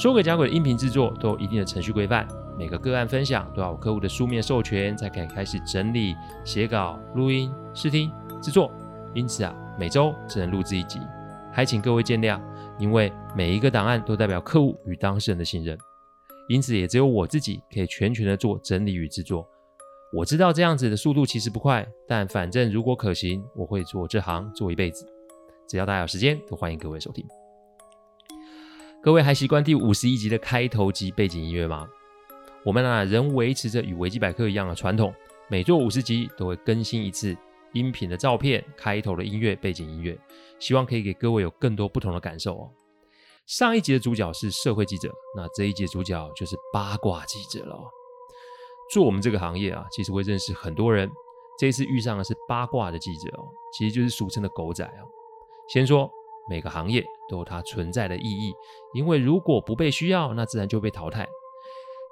說詭講鬼的音頻製作都有一定的程序規範，每個個案分享都要有客戶的書面授權，才可以開始整理、寫稿、錄音、試聽、製作。因此啊，每周只能錄製一集，還請各位見諒。因為每一個檔案都代表客戶與當事人的信任，因此也只有我自己可以全權的做整理與製作。我知道這樣子的速度其實不快，但反正如果可行，我會做這行做一輩子。只要大家有時間，都歡迎各位收聽。各位還習慣第五十一集的開頭及背景音樂嗎？我們呢、啊、仍維持着與維基百科一樣的傳統，每做五十集都會更新一次音頻的照片、開頭的音樂、背景音樂，希望可以給各位有更多不同的感受哦。上一集的主角是社會記者，那這一集的主角就是八卦記者了、哦。做我們這個行業啊，其實會認識很多人。這一次遇上的是八卦的記者哦，其實就是俗稱的狗仔哦。先說。每個行業都有它存在的意義，因為如果不被需要，那自然就被淘汰。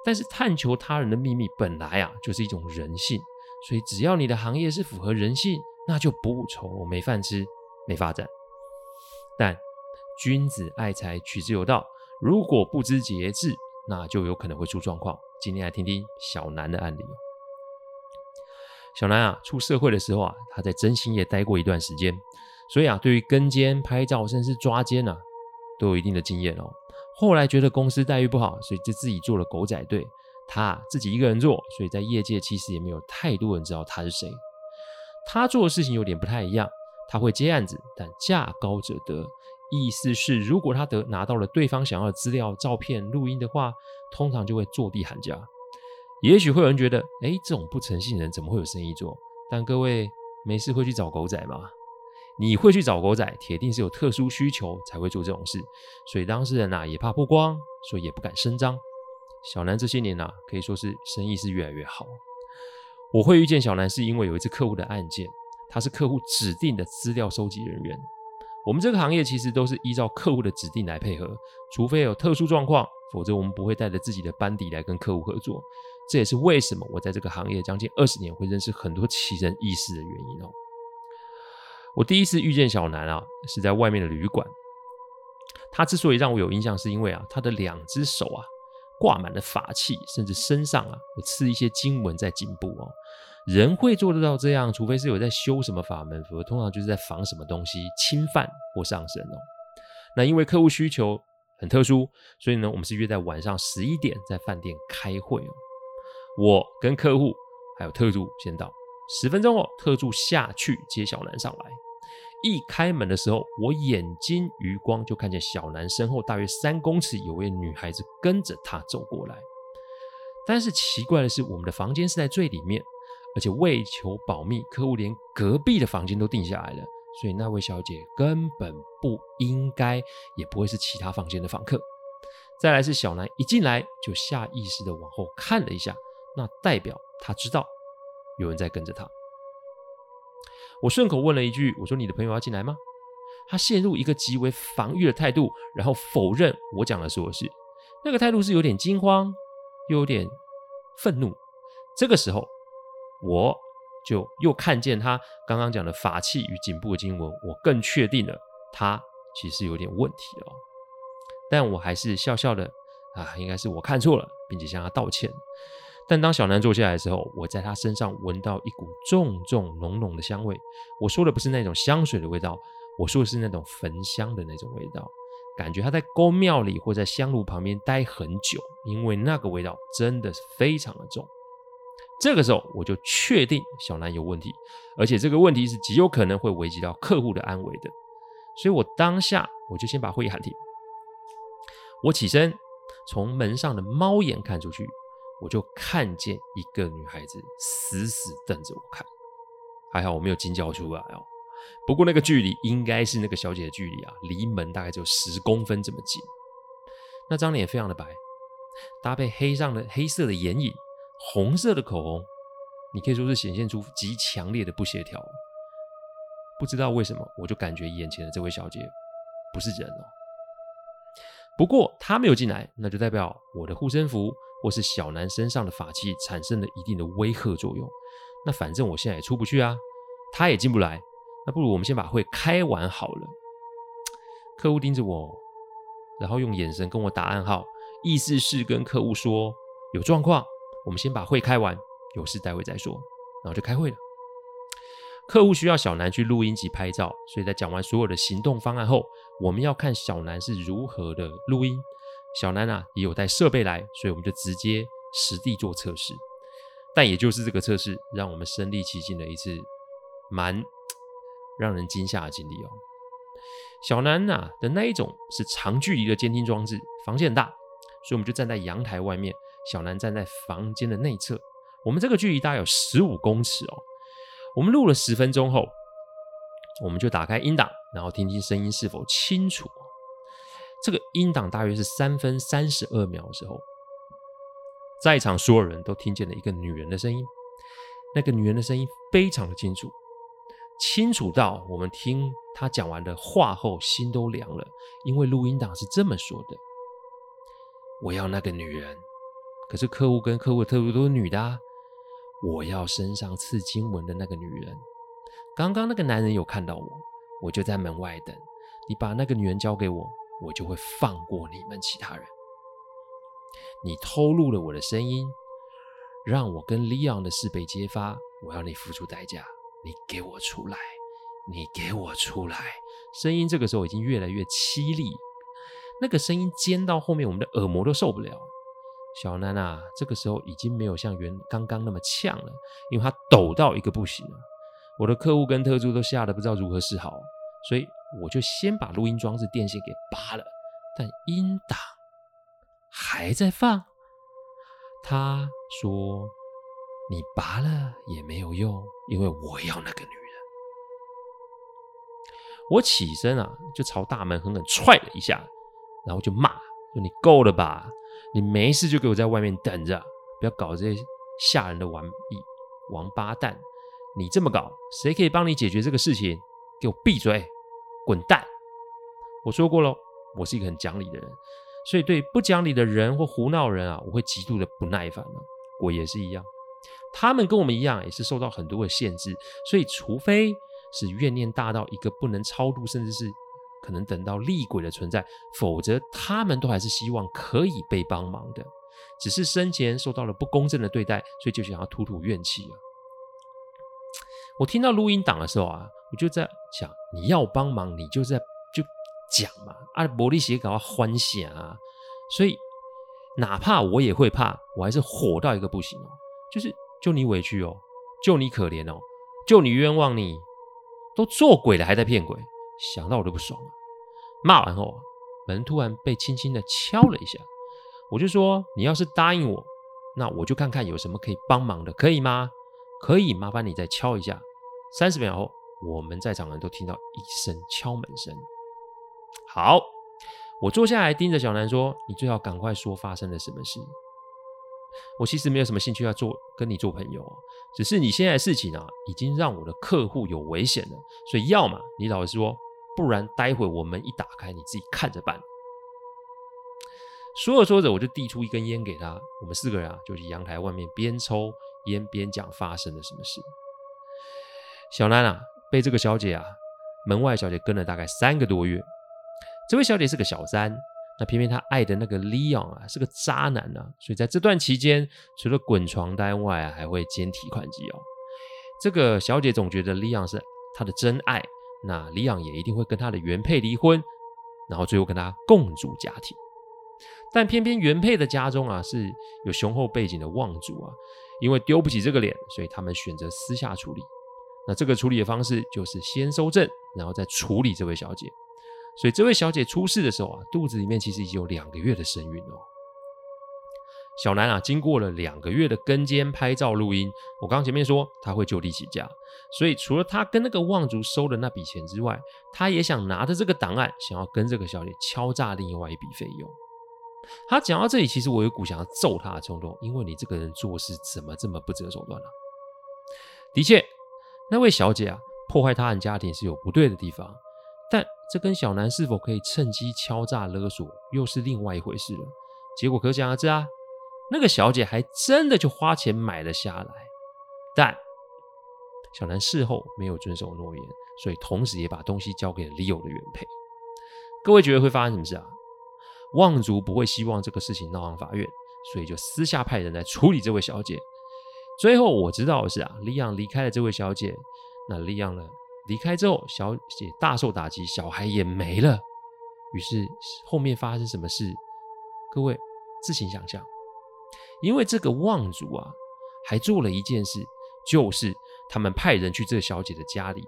但是探求他人的秘密本來啊就是一種人性，所以只要你的行業是符合人性，那就不愁沒飯吃、沒發展。但君子愛財，取之有道。如果不知節制，那就有可能會出狀況。今天來聽聽小南的案例。小南啊，出社會的時候啊，他在徵信業待過一段時間。所以啊，對於跟監拍照，甚至抓奸啊，都有一定的經驗哦。後來覺得公司待遇不好，所以就自己做了狗仔隊。他自己一個人做，所以在業界其實也沒有太多人知道他是誰。他做的事情有點不太一樣，他會接案子，但價高者得。意思是，如果他得拿到了對方想要的資料、照片、錄音的話，通常就會坐地喊價。也許會有人覺得，哎，這種不誠信的人怎麼會有生意做？但各位沒事會去找狗仔嗎？你會去找狗仔，鐵定是有特殊需求才會做這種事，所以當事人吶、啊、也怕曝光，所以也不敢聲張。小南這些年吶、啊，可以說是生意是越來越好。我會遇見小南是因為有一次客戶的案件，他是客戶指定的資料收集人員。我們這個行業其實都是依照客戶的指定來配合，除非有特殊狀況，否則我們不會帶着自己的班底來跟客戶合作。這也是為什麼我在這個行業將近二十年會認識很多奇人異事的原因哦。我第一次遇見小南啊，是在外面的旅館。他之所以讓我有印象，是因為啊，他的兩隻手啊掛滿了法器，甚至身上啊有刺一些經文在頸部哦。人會做得到這樣，除非是有在修什麼法門，否則通常就是在防什麼東西侵犯或上身哦。那因為客戶需求很特殊，所以呢，我們是約在晚上十一點在飯店開會哦。我跟客戶還有特助先到，十分鐘後哦，特助下去接小南上來。一開門的時候，我眼睛餘光就看見小南身後大約三公尺有位女孩子跟着她走過來。但是奇怪的是，我們的房間是在最裡面，而且為求保密，客戶連隔壁的房間都定下來了，所以那位小姐根本不應該，也不會是其他房間的房客。再來是小南一進來就下意識的往後看了一下，那代表他知道有人在跟着他。我順口問了一句：“我說你的朋友要進來嗎？”他陷入一個極為防禦的態度，然後否認我講的是我的事。那個態度是有點驚慌，又有點憤怒。這個時候，我就又看見他剛剛講的法器與頸部的經文，我更確定了他其實有點問題了哦。但我還是笑笑的啊，應該是我看錯了，並且向他道歉。但當小南坐下來的時候，我在他身上聞到一股重重濃濃的香味。我說的不是那種香水的味道，我說的是那種焚香的那種味道，感覺他在宮廟裡或在香爐旁邊待很久，因為那個味道真的是非常的重。這個時候，我就確定小南有問題，而且這個問題是極有可能會危及到客戶的安危的。所以，我當下我就先把會議喊停。我起身，從門上的貓眼看出去。我就看見一個女孩子死死瞪着我看，還好我沒有驚叫出來哦。不過那個距離應該是那個小姐的距離啊，離門大概只有十公分這麼近。那張臉非常的白，搭配黑上的黑色的眼影、紅色的口紅，你可以說是顯現出極強烈的不協調。不知道為什麼，我就感覺眼前的這位小姐不是人哦。不過她沒有進來，那就代表我的護身符。或是小南身上的法器產生了一定的威懾作用，那反正我現在也出不去啊，他也進不來，那不如我們先把會開完好了。客戶盯着我，然後用眼神跟我打暗號，意思是跟客戶說有狀況，我們先把會開完，有事待會再說。然後就開會了。客戶需要小南去錄音及拍照，所以在講完所有的行動方案後，我們要看小南是如何的錄音。小南啊，也有帶設備來，所以我們就直接實地做測試。但也就是這個測試，讓我們身歷其境了一次蠻讓人驚嚇的經歷喔。小南啊的那一種是長距離的監聽裝置，房間很大，所以我們就站在陽台外面，小南站在房間的內側，我們這個距離大概有十五公尺喔。我們錄了十分鐘後，我們就打開音檔，然後聽聽聲音是否清楚。這個音檔大約是三分三十二秒的時候，在場所有人都聽見了一個女人的聲音。那個女人的聲音非常的清楚，清楚到我們聽她講完的話後心都涼了。因為錄音檔是這麼說的：“我要那個女人，可是客戶跟客戶特別多女的啊。我要身上刺經文的那個女人。剛剛那個男人有看到我，我就在門外等。你把那個女人交給我。”我就會放過你們其他人。你偷錄了我的聲音，讓我跟 Leon 的事被揭發，我要你付出代價。你給我出來！你給我出來！聲音這個時候已經越來越淒厲，那個聲音尖到後面，我們的耳膜都受不了。小南啊，這個時候已經沒有像原剛剛那麼嗆了，因為他抖到一個不行了。我的客戶跟特助都嚇得不知道如何是好，所以。我就先把錄音裝置電線給拔了，但音檔還在放。他說：“你拔了也沒有用，因為我要那個女人。”我起身啊，就朝大門狠狠踹了一下，然後就罵：“說你夠了吧！你沒事就給我在外面等着，不要搞這些嚇人的玩意！王八蛋，你這麼搞，誰可以幫你解決這個事情？給我閉嘴！”滾蛋！我說過了，我是一個很講理的人，所以對不講理的人或胡鬧人啊，我會極度的不耐煩的啊。我也是一樣，他們跟我們一樣，也是受到很多的限制，所以除非是怨念大到一個不能超度，甚至是可能等到厲鬼的存在，否則他們都還是希望可以被幫忙的，只是生前受到了不公正的對待，所以就想要吐吐怨氣啊。我聽到錄音檔的時候啊，我就在想，你要幫忙，你就在就講嘛。啊，玻璃心搞到歡喜啊，所以哪怕我也會怕，我還是火到一個不行哦。就是就你委屈哦，就你可憐哦，就你冤枉你，都做鬼了還在騙鬼，想到我都不爽了。罵完後啊，門突然被輕輕的敲了一下，我就說，你要是答應我，那我就看看有什麼可以幫忙的，可以嗎？可以，麻煩你再敲一下。三十秒後，我們在場的人都聽到一聲敲門聲。好，我坐下來盯着小南說：“你最好趕快說發生了什麼事。”我其實沒有什麼興趣要做跟你做朋友、哦，只是你現在的事情啊，已經讓我的客戶有危險了，所以要麼你老實說，不然待會我門一打開，你自己看着辦。說着說着，我就遞出一根菸給他。我們四個人啊，就去陽台外面邊抽菸邊，邊講發生了什麼事。小南啊，被這個小姐啊，門外小姐跟了大概三個多月。這位小姐是個小三，那偏偏她愛的那個李昂啊是個渣男啊，所以在這段期間，除了滾床單外啊，還會兼提款機哦。這個小姐總覺得李昂是她的真愛，那李昂也一定會跟她的原配離婚，然後最後跟她共組家庭。但偏偏原配的家中啊是有雄厚背景的望族啊，因為丟不起這個臉，所以他們選擇私下處理。那這個處理的方式就是先搜證，然後再處理這位小姐。所以這位小姐出事的時候啊，肚子裡面其實已經有兩個月的身孕哦。小南啊，經過了兩個月的跟監、拍照、錄音，我剛剛前面說他會就地起價，所以除了他跟那個望族收的那筆錢之外，他也想拿着這個檔案，想要跟這個小姐敲詐另外一筆費用。他講到這裡，其實我有股想要揍他的衝動，因為你這個人做事怎麼這麼不擇手段呢、啊？的確。那位小姐啊，破壞他人家庭是有不對的地方，但這跟小南是否可以趁機敲詐勒索又是另外一回事了。結果可想而知啊，那個小姐還真的就花錢買了下來。但小南事後沒有遵守諾言，所以同時也把東西交給了李友的原配。各位覺得會發生什麼事啊？望族不會希望這個事情鬧上法院，所以就私下派人來處理這位小姐。最後我知道的是啊，李陽離開了這位小姐。那李陽呢，離開之後，小姐大受打擊，小孩也沒了。於是後面發生什麼事，各位自行想象。因為這個望族啊，還做了一件事，就是他們派人去這個小姐的家裡，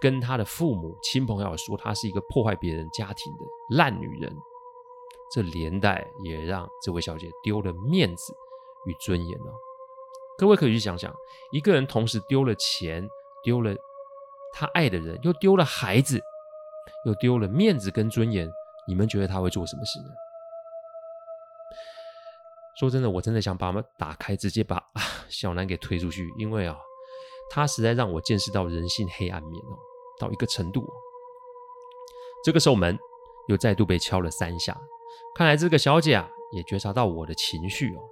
跟她的父母親朋友說，她是一個破壞別人家庭的爛女人。這連帶也讓這位小姐丟了面子與尊嚴哦。各位可以去想想，一個人同時丟了錢，丟了他愛的人，又丟了孩子，又丟了面子跟尊嚴，你們覺得他會做什麼事呢？說真的，我真的想把門打開，直接把、啊、小南給推出去，因為啊、哦，他實在讓我見識到人性黑暗面哦，到一個程度、哦。這個時候門又再度被敲了三下，看來這個小姐啊也覺察到我的情緒哦。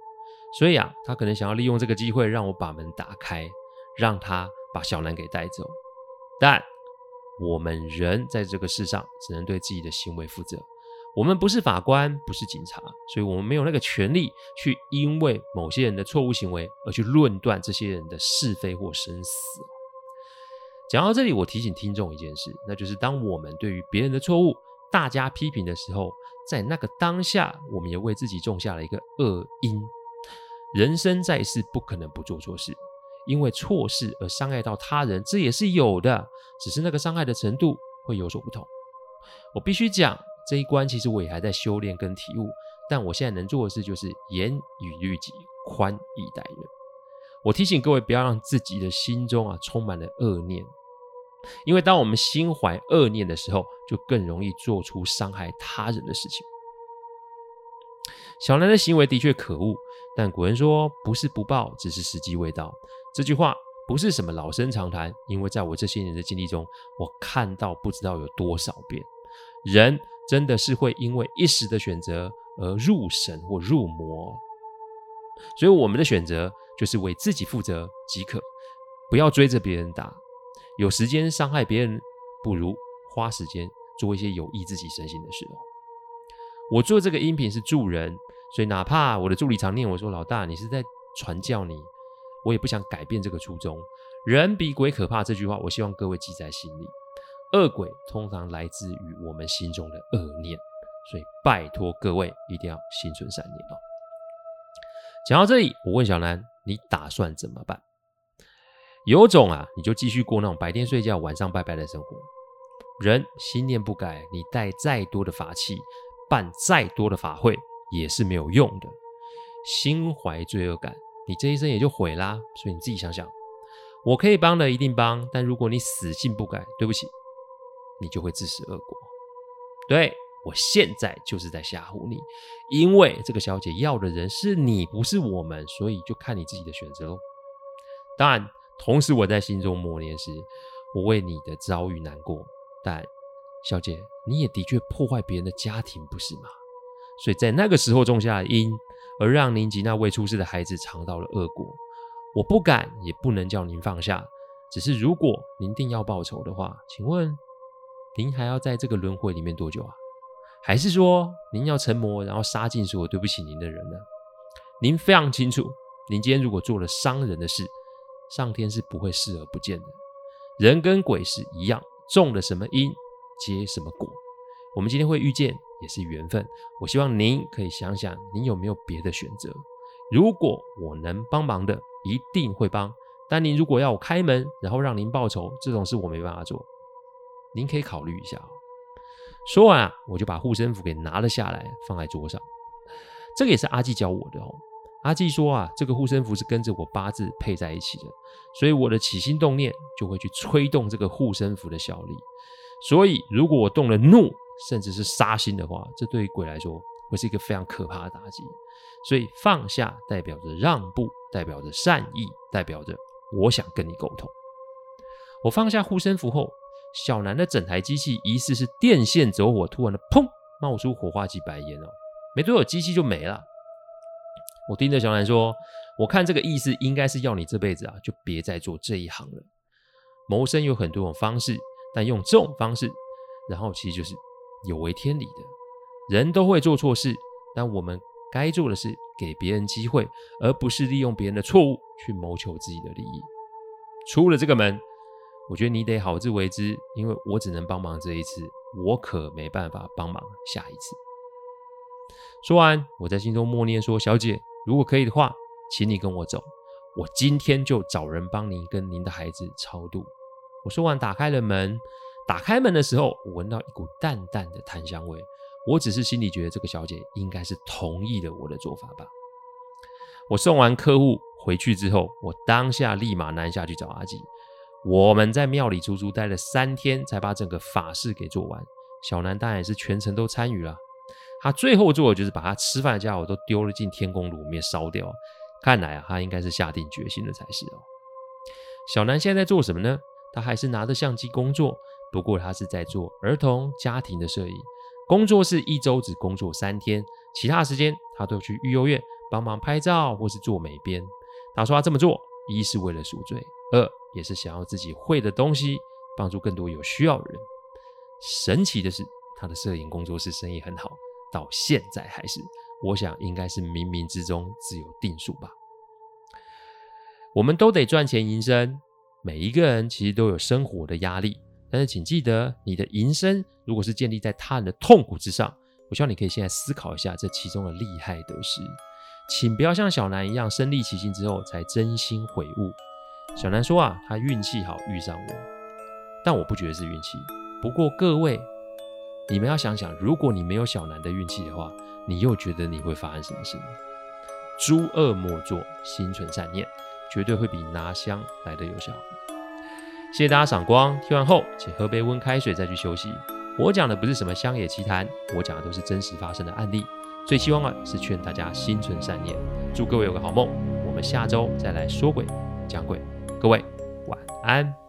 所以啊，他可能想要利用這個機會讓我把門打開，讓他把小南給帶走。但我們人在這個世上只能對自己的行為負責，我們不是法官，不是警察，所以我們沒有那個權利去因為某些人的錯誤行為而去論斷這些人的是非或生死。講到這裡，我提醒聽眾一件事，那就是當我們對於別人的錯誤大加批評的時候，在那個當下，我們也為自己種下了一個惡因。人生在世，不可能不做錯事，因為錯事而傷害到他人，這也是有的，只是那個傷害的程度會有所不同。我必須講，這一關其實我也還在修煉跟體悟，但我現在能做的事就是嚴以律己，寬以待人。我提醒各位，不要讓自己的心中啊充滿了惡念，因為當我們心懷惡念的時候，就更容易做出傷害他人的事情。小南的行為的確可惡。但古人說，不是不報，只是時機未到。這句話不是什麼老生常談，因為在我這些年的經歷中，我看到不知道有多少遍，人真的是會因為一時的選擇而入神或入魔。所以我們的選擇就是為自己負責即可，不要追着別人打。有時間傷害別人，不如花時間做一些有益自己身心的事哦。我做這個音頻是助人。所以，哪怕我的助理常念我說：“老大，你是在傳教？你我也不想改變這個初衷。”人比鬼可怕這句話，我希望各位記在心裡。惡鬼通常來自於我們心中的惡念，所以拜托各位一定要心存善念哦。講到這裡，我問小南：“你打算怎麼辦？”有種啊，你就繼續過那種白天睡覺、晚上拜拜的生活。人心念不改，你帶再多的法器，辦再多的法會。也是沒有用的，心懷罪惡感，你這一生也就毀啦。所以你自己想想，我可以幫的一定幫，但如果你死性不改，對不起，你就會自食惡果。對，我現在就是在嚇唬你，因為這個小姐要的人是你，不是我們，所以就看你自己的選擇嘍。當然，同時我在心中默念時，我為你的遭遇難過。但小姐，你也的確破壞別人的家庭，不是嗎？所以在那個時候種下了因，而讓您及那未出世的孩子嘗到了惡果。我不敢也不能叫您放下，只是如果您定要報仇的話，請問您還要在這個輪回裡面多久啊？還是說您要成魔，然後殺盡所有對不起您的人呢？您非常清楚，您今天如果做了傷人的事，上天是不會視而不見的。人跟鬼是一樣，種了什麼因，結什麼果。我們今天會遇見也是緣分，我希望您可以想想，您有沒有別的選擇。如果我能幫忙的，一定會幫。但您如果要我開門，然後讓您報仇，這種事我沒辦法做。您可以考慮一下哦。說完啊，我就把護身符給拿了下來，放在桌上。這個也是阿季教我的哦。阿季說啊，這個護身符是跟着我八字配在一起的，所以我的起心動念就會去催動這個護身符的效力。所以如果我動了怒，甚至是殺心的話，這對於鬼來說會是一個非常可怕的打擊。所以放下代表着讓步，代表着善意，代表着我想跟你溝通。我放下護身符後，小南的整台機器疑似是電線走火，突然的砰冒出火花及白煙哦、喔，沒多久機器就沒了。我盯着小南說：“我看這個意思應該是要你這輩子啊，就別再做這一行了。謀生有很多種方式，但用這種方式，然後其實就是。”有違天理的，人都會做錯事，但我們該做的是給別人機會，而不是利用別人的錯誤去謀求自己的利益。出了這個門，我覺得你得好自為之，因為我只能幫忙這一次，我可沒辦法幫忙下一次。說完，我在心中默念說：“小姐，如果可以的話，請你跟我走，我今天就找人幫您跟您的孩子超度。”我說完，打開了門。打開門的時候，我聞到一股淡淡的檀香味。我只是心裡覺得這個小姐應該是同意了我的做法吧。我送完客戶回去之後，我當下立馬南下去找阿吉。我們在廟裡足足待了三天，才把整個法事給做完。小南當然也是全程都參與了。他最後做的就是把他吃飯的家伙都丟了進天公爐裡面燒掉。看來啊，他應該是下定決心了才是哦。小南現在在做什麼呢？他還是拿着相機工作。不過他是在做兒童家庭的攝影工作室，一周只工作三天，其他時間他都要去育幼院幫忙拍照或是做美編。他說他這麼做，一是為了贖罪，二也是想要自己會的東西幫助更多有需要的人。神奇的是，他的攝影工作室生意很好，到現在還是。我想應該是冥冥之中自有定數吧。我們都得賺錢營生，每一個人其實都有生活的壓力。但是，請記得你的營生如果是建立在他人的痛苦之上，我希望你可以現在思考一下這其中的利害得失，請不要像小南一樣身歷其境之後才真心悔悟。小南說啊，他運氣好遇上我，但我不覺得是運氣。不過各位，你們要想想，如果你沒有小南的運氣的話，你又覺得你會發生什麼事呢？諸惡莫作，心存善念，絕對會比拿香來得有效。謝謝大家賞光，聽完後請喝杯溫開水再去休息。我講的不是什麼鄉野奇談，我講的都是真實發生的案例。最希望啊，是勸大家心存善念，祝各位有個好夢。我們下週再來說詭講鬼，各位晚安。